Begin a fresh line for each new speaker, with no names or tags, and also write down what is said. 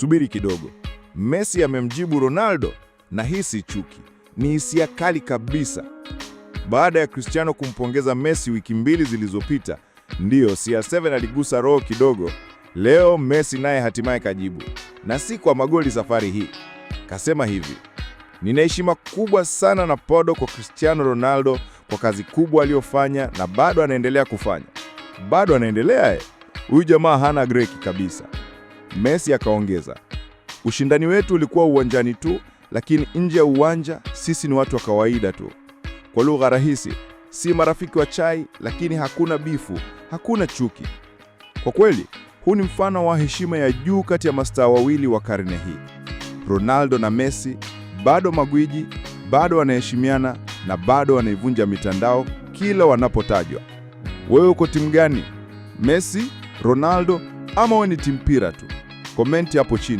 subiri kidogo, Messi amemjibu Ronaldo, na hii si chuki, ni hisia kali kabisa. Baada ya Cristiano kumpongeza Messi wiki mbili zilizopita, ndiyo CR7 aligusa roho kidogo. Leo Messi naye hatimaye kajibu, na si kwa magoli safari hii. Kasema hivi: nina heshima kubwa sana na podo kwa Cristiano Ronaldo kwa kazi kubwa aliyofanya na bado anaendelea kufanya, bado anaendelea. Eh? Huyu jamaa hana greki kabisa. Messi akaongeza, ushindani wetu ulikuwa uwanjani tu, lakini nje ya uwanja sisi ni watu wa kawaida tu. Kwa lugha rahisi, si marafiki wa chai, lakini hakuna bifu, hakuna chuki. Kwa kweli, huu ni mfano wa heshima ya juu kati ya mastaa wawili wa karne hii, Ronaldo na Messi, bado magwiji, bado wanaheshimiana na bado wanaivunja mitandao kila wanapotajwa. Wewe uko timu gani? Messi, Ronaldo ama wewe ni timpira tu? Komenti hapo chini.